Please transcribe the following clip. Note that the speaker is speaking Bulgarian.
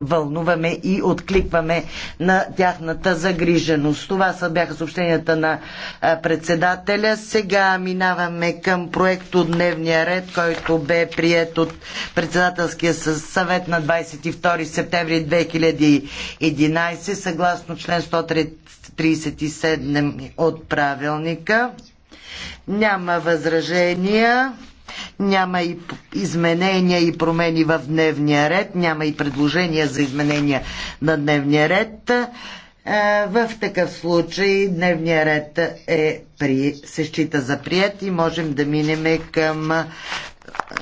вълнуваме и откликваме на тяхната загриженост. Това са, бяха съобщенията на председателя. Сега минаваме към проект от дневния ред, който бе прият от председателския съвет на 22 септември 2011 съгласно член 137 от правилника. Няма възражения, няма и изменения и промени в дневния ред. Няма и предложения за изменения на дневния ред. Е, в такъв случай дневния ред е при, се счита за прият и можем да минем към